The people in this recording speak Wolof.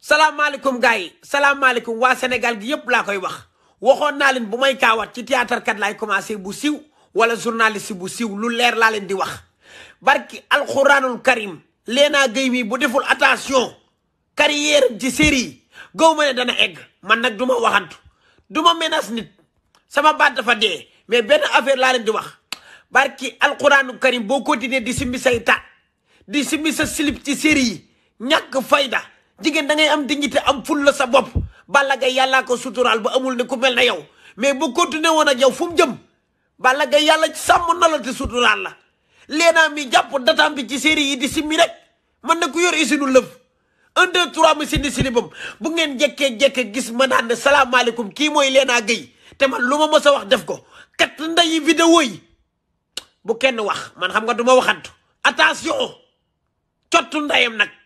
salaamaaleykum gars yi salaamaaleykum waa Sénégal gi yëpp laa koy wax waxoon naa leen bu may kaawaat ci théâtre kat laay commencé bu siw wala journaliste bu siw lu leer laa leen di wax barki alxuraanul karim Leena Gueye mi bu deful attention carrière ci série gaw ma ne dana egg man nag du ma waxantu du ma menace nit sama baat dafa dee mais benn affaire laa leen di wax barki alxuraanul karim boo continuer di simbi say taat di simbi sa slip ci série yi ñàkk fayda jigéen da ngay am dignité am ful la sa bopp Balla Gaye yàllaa ko suturaal ba amul ne ku mel na yow mais bu continué woon ak yow fu mu jëm Balla Gaye yàlla sàmm na la te suturaal la leenaa mi jàpp dataam bi ci série yi di simmi rek man na ku yor usinu lëf un deux trois mu sindi silibam bu ngeen jekkee-jekke gis ma naan ne salaamaaleykum kii mooy Leena Gueye te man lu ma mës a wax def ko kat ndayi vidéo yi bu kenn wax man xam nga du ma waxantu attention cottu nag